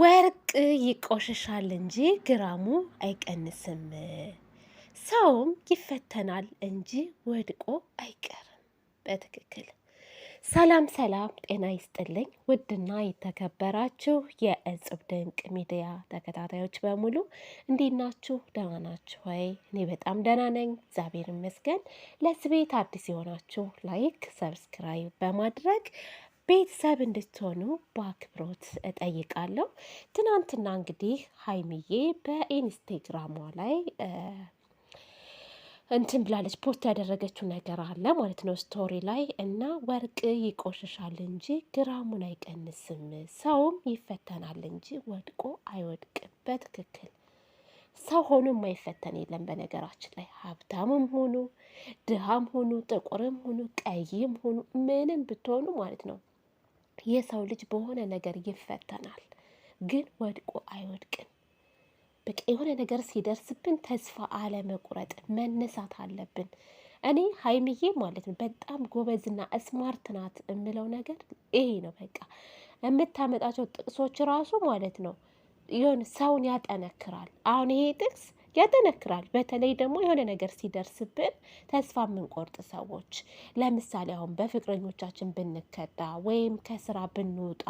ወርቅ ይቆሽሻል እንጂ ግራሙ አይቀንስም፣ ሰውም ይፈተናል እንጂ ወድቆ አይቀርም። በትክክል ሰላም ሰላም፣ ጤና ይስጥልኝ ውድና የተከበራችሁ የእጽብ ድንቅ ሚዲያ ተከታታዮች በሙሉ እንዴት ናችሁ? ደህና ናችሁ ወይ? እኔ በጣም ደህና ነኝ፣ እግዚአብሔር ይመስገን። ለዚህ ቤት አዲስ የሆናችሁ ላይክ፣ ሰብስክራይብ በማድረግ ቤተሰብ እንድትሆኑ በአክብሮት እጠይቃለሁ። ትናንትና እንግዲህ ሀይሚዬ በኢንስቴግራሟ ላይ እንትን ብላለች ፖስት ያደረገችው ነገር አለ ማለት ነው፣ ስቶሪ ላይ እና ወርቅ ይቆሽሻል እንጂ ግራሙን አይቀንስም፣ ሰውም ይፈተናል እንጂ ወድቆ አይወድቅም። በትክክል ሰው ሆኖ የማይፈተን የለም። በነገራችን ላይ ሀብታምም ሆኑ ድሃም ሆኑ ጥቁርም ሆኑ ቀይም ሆኑ ምንም ብትሆኑ ማለት ነው የሰው ልጅ በሆነ ነገር ይፈተናል፣ ግን ወድቆ አይወድቅም። በቃ የሆነ ነገር ሲደርስብን ተስፋ አለመቁረጥ መነሳት አለብን። እኔ ሀይሚዬ ማለት ነው በጣም ጎበዝና እስማርት ናት የምለው ነገር ይሄ ነው። በቃ የምታመጣቸው ጥቅሶች ራሱ ማለት ነው የሆነ ሰውን ያጠነክራል። አሁን ይሄ ጥቅስ ያጠነክራል። በተለይ ደግሞ የሆነ ነገር ሲደርስብን ተስፋ የምንቆርጥ ሰዎች ለምሳሌ አሁን በፍቅረኞቻችን ብንከዳ ወይም ከስራ ብንወጣ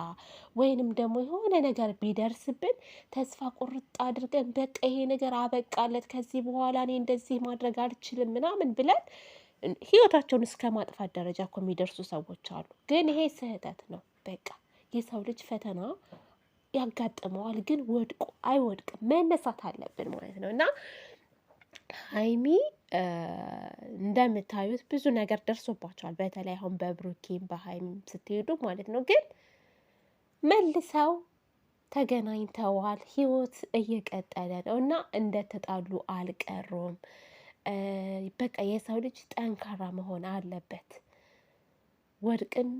ወይንም ደግሞ የሆነ ነገር ቢደርስብን ተስፋ ቁርጥ አድርገን በቃ ይሄ ነገር አበቃለት፣ ከዚህ በኋላ እኔ እንደዚህ ማድረግ አልችልም ምናምን ብለን ህይወታቸውን እስከ ማጥፋት ደረጃ እኮ የሚደርሱ ሰዎች አሉ። ግን ይሄ ስህተት ነው። በቃ የሰው ልጅ ፈተና ያጋጥመዋል፣ ግን ወድቆ አይወድቅም። መነሳት አለብን ማለት ነው እና ሀይሚ እንደምታዩት ብዙ ነገር ደርሶባቸዋል። በተለይ አሁን በብሩኬም በሀይሚ ስትሄዱ ማለት ነው። ግን መልሰው ተገናኝተዋል። ህይወት እየቀጠለ ነው እና እንደተጣሉ አልቀሩም። በቃ የሰው ልጅ ጠንካራ መሆን አለበት። ወርቅን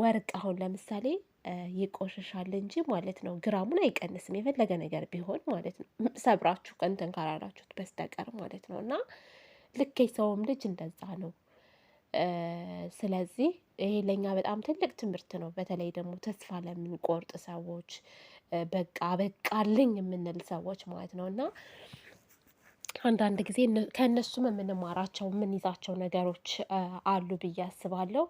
ወርቅ አሁን ለምሳሌ ይቆሸሻል እንጂ ማለት ነው። ግራሙን አይቀንስም የፈለገ ነገር ቢሆን ማለት ነው። ሰብራችሁ እንትን ካላላችሁት በስተቀር ማለት ነው። እና ልክ የሰውም ልጅ እንደዛ ነው። ስለዚህ ይሄ ለእኛ በጣም ትልቅ ትምህርት ነው። በተለይ ደግሞ ተስፋ ለምንቆርጥ ሰዎች፣ በቃ በቃልኝ የምንል ሰዎች ማለት ነው እና አንዳንድ ጊዜ ከእነሱም የምንማራቸው የምንይዛቸው ነገሮች አሉ ብዬ አስባለሁ።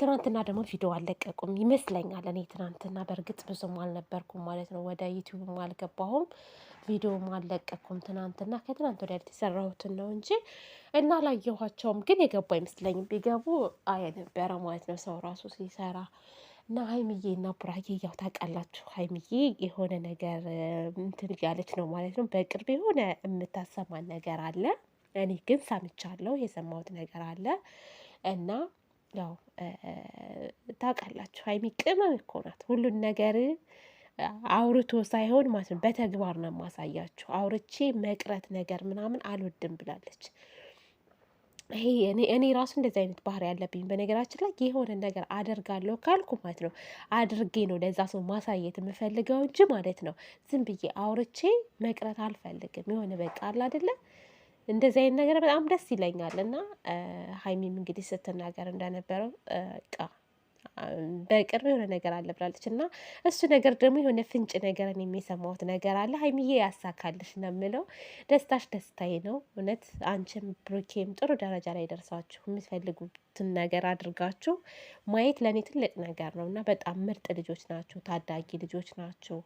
ትናንትና ደግሞ ቪዲዮ አልለቀቁም ይመስለኛል። እኔ ትናንትና በእርግጥ ብዙም አልነበርኩም ማለት ነው፣ ወደ ዩቲዩብም አልገባሁም፣ ቪዲዮም አልለቀኩም። ትናንትና ከትናንት ወዲያ የተሰራሁትን ነው እንጂ እና ላየኋቸውም፣ ግን የገቡ አይመስለኝም። ቢገቡ አየ ነበረ ማለት ነው ሰው ራሱ ሲሰራ እና ሀይምዬ እና ቡራዬ ያው ታውቃላችሁ፣ ሀይምዬ የሆነ ነገር እንትን እያለች ነው ማለት ነው። በቅርብ የሆነ የምታሰማን ነገር አለ። እኔ ግን ሰምቻለሁ፣ የሰማሁት ነገር አለ እና ያው ታውቃላችሁ፣ ሀይሚ ቅመም እኮ ናት። ሁሉን ነገር አውርቶ ሳይሆን ማለት ነው በተግባር ነው የማሳያችሁ። አውርቼ መቅረት ነገር ምናምን አልወድም ብላለች። ይሄ እኔ ራሱ እንደዚህ አይነት ባህሪ ያለብኝ በነገራችን ላይ የሆነ ነገር አደርጋለሁ ካልኩ ማለት ነው አድርጌ ነው ለዛ ሰው ማሳየት የምፈልገው እንጂ ማለት ነው ዝም ብዬ አውርቼ መቅረት አልፈልግም። የሆነ በቃ አለ አይደለ እንደዚህ አይነት ነገር በጣም ደስ ይለኛል። እና ሀይሚም እንግዲህ ስትናገር እንደነበረው ቃ በቅርብ የሆነ ነገር አለ ብላለች እና እሱ ነገር ደግሞ የሆነ ፍንጭ ነገርን የሚሰማውት ነገር አለ። ሀይሚዬ ያሳካልሽ ነው የምለው። ደስታሽ ደስታዬ ነው። እውነት አንቺም ብሩኬም ጥሩ ደረጃ ላይ ደርሳችሁ የምትፈልጉትን ነገር አድርጋችሁ ማየት ለእኔ ትልቅ ነገር ነው እና በጣም ምርጥ ልጆች ናቸው ታዳጊ ልጆች ናቸው።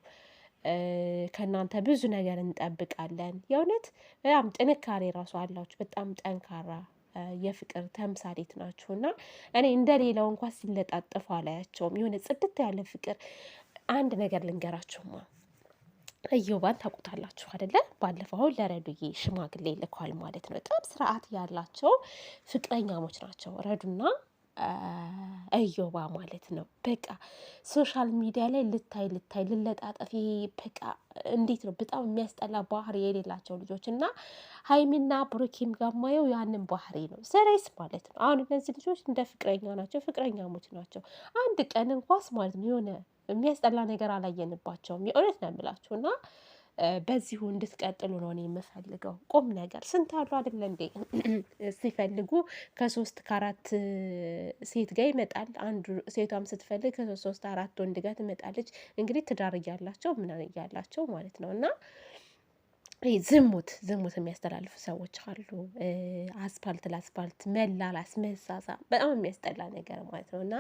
ከእናንተ ብዙ ነገር እንጠብቃለን። የእውነት በጣም ጥንካሬ ራሱ አላችሁ። በጣም ጠንካራ የፍቅር ተምሳሌት እና እኔ እንደሌላው እንኳ ሲለጣጠፉ አላያቸውም። የሆነ ጽድት ያለ ፍቅር። አንድ ነገር ልንገራችሁማ እዮባን ታውቁታላችሁ አደለ? ባለፈው አሁን ለረዱዬ ሽማግሌ ልኳል ማለት ነው። በጣም ስርዓት ያላቸው ፍቅረኛሞች ናቸው ረዱና እዮባ ማለት ነው። በቃ ሶሻል ሚዲያ ላይ ልታይ ልታይ ልለጣጠፍ፣ በቃ እንዴት ነው በጣም የሚያስጠላ ባህሪ የሌላቸው ልጆች እና ሀይሚና ብሩኬም ጋማየው ያንን ባህሪ ነው። ሰሬስ ማለት ነው። አሁን እነዚህ ልጆች እንደ ፍቅረኛ ናቸው፣ ፍቅረኛሞች ናቸው። አንድ ቀን እንኳስ ማለት ነው የሆነ የሚያስጠላ ነገር አላየንባቸውም። የእውነት ነው የምላችሁ እና በዚሁ እንድትቀጥሉ ነው እኔ የምፈልገው። ቁም ነገር ስንት አሉ አይደለ እንዴ? ሲፈልጉ ከሶስት ከአራት ሴት ጋር ይመጣል። አንዱ ሴቷም ስትፈልግ ከሶስት አራት ወንድ ጋር ትመጣለች። እንግዲህ ትዳር እያላቸው ምናምን እያላቸው ማለት ነው እና ዝሙት ዝሙት የሚያስተላልፉ ሰዎች አሉ። አስፓልት ለአስፓልት መላላስ፣ መሳሳ በጣም የሚያስጠላ ነገር ማለት ነው እና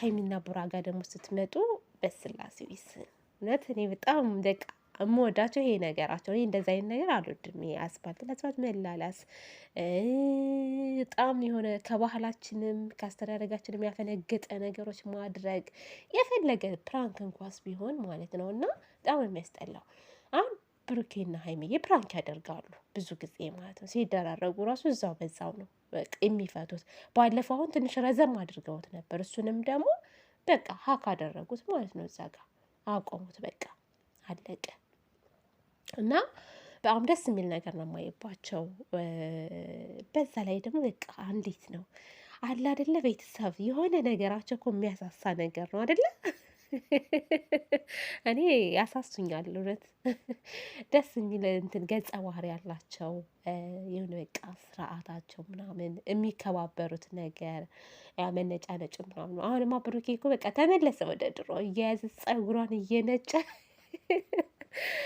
ሀይሚና ቡራ ጋር ደግሞ ስትመጡ በስላሴ ይስን እውነት እኔ በጣም በቃ የምወዳቸው ይሄ ነገራቸው። እኔ እንደዚ አይነት ነገር አልወድም። ይሄ አስፋልት ለአስፋልት መላላስ በጣም የሆነ ከባህላችንም ከአስተዳደጋችንም ያፈነገጠ ነገሮች ማድረግ የፈለገ ፕራንክ እንኳስ ቢሆን ማለት ነው። እና በጣም የሚያስጠላው አሁን ብሩኬና ሀይሚዬ ፕራንክ ያደርጋሉ ብዙ ጊዜ ማለት ነው። ሲደራረጉ ራሱ እዛው በዛው ነው የሚፈቱት። ባለፈው አሁን ትንሽ ረዘም አድርገውት ነበር። እሱንም ደግሞ በቃ ሀክ አደረጉት ማለት ነው እዛ ጋር አቆሙት። በቃ አለቀ። እና በጣም ደስ የሚል ነገር ነው የማይባቸው በዛ ላይ ደግሞ በቃ እንዴት ነው አለ ቤተሰብ የሆነ ነገራቸው እኮ የሚያሳሳ ነገር ነው አደለ። እኔ ያሳሱኛል። እውነት ደስ የሚል እንትን ገጸ ባህሪ ያላቸው የሆነ በቃ ስርዓታቸው ምናምን የሚከባበሩት ነገር ያ ነጭ ምናምን። አሁንማ ብሩኬ እኮ በቃ ተመለሰ ወደ ድሮ እየያዘ ጸጉሯን እየነጨ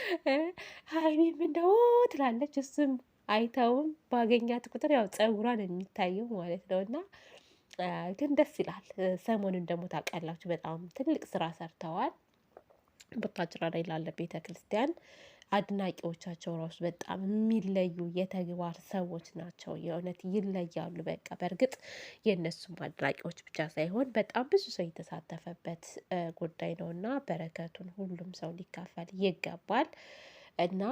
ሀይሚም እንደው ትላለች። እሱም አይተውም ባገኛት ቁጥር ያው ጸጉሯን የሚታየው ማለት ነው እና ግን ደስ ይላል። ሰሞኑን ደግሞ ታውቃላችሁ በጣም ትልቅ ስራ ሰርተዋል። ቡታጅራ ላይ ላለ ቤተ ክርስቲያን አድናቂዎቻቸው ራሱ በጣም የሚለዩ የተግባር ሰዎች ናቸው። የእውነት ይለያሉ። በቃ በእርግጥ የእነሱም አድናቂዎች ብቻ ሳይሆን በጣም ብዙ ሰው የተሳተፈበት ጉዳይ ነው እና በረከቱን ሁሉም ሰው ሊካፈል ይገባል እና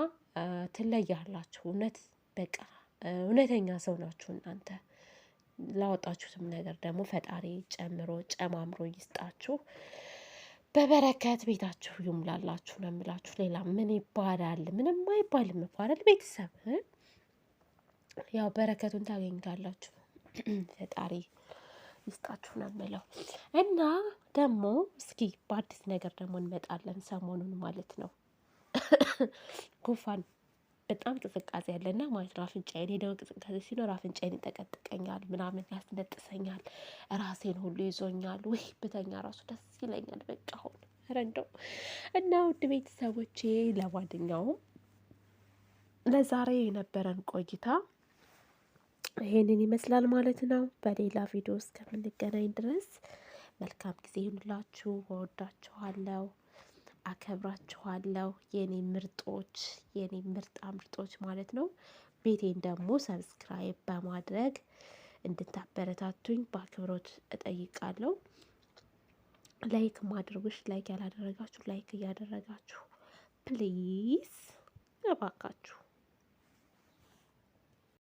ትለያላችሁ። እውነት በቃ እውነተኛ ሰው ናችሁ እናንተ ላወጣችሁትም ነገር ደግሞ ፈጣሪ ጨምሮ ጨማምሮ ይስጣችሁ። በበረከት ቤታችሁ ይሙላላችሁ ነው የሚላችሁ። ሌላ ምን ይባላል? ምንም አይባልም እኮ አይደል? ቤተሰብ ያው በረከቱን ታገኝታላችሁ። ፈጣሪ ይስጣችሁ ነው የምለው እና ደግሞ እስኪ በአዲስ ነገር ደግሞ እንመጣለን ሰሞኑን ማለት ነው ጉንፋን በጣም ቅዝቃዜ ያለና ማለት ነው። አፍንጫዬን ሄደው ቅዝቃዜ ሲኖር አፍንጫዬን ይጠቀጥቀኛል፣ ምናምን ያስነጥሰኛል፣ ራሴን ሁሉ ይዞኛል። ወይ ብተኛ ራሱ ደስ ይለኛል። በቃ አሁን ረንደው እና ውድ ቤተሰቦቼ ለማንኛውም ለዛሬ የነበረን ቆይታ ይሄንን ይመስላል ማለት ነው። በሌላ ቪዲዮ እስከምንገናኝ ድረስ መልካም ጊዜ ይሁንላችሁ። እወዳችኋለሁ። አከብራችኋለሁ የኔ ምርጦች የኔ ምርጣ ምርጦች ማለት ነው። ቤቴን ደግሞ ሰብስክራይብ በማድረግ እንድታበረታቱኝ በአክብሮት እጠይቃለሁ። ላይክ ማድረጎች ላይክ ያላደረጋችሁ ላይክ እያደረጋችሁ ፕሊዝ እባካችሁ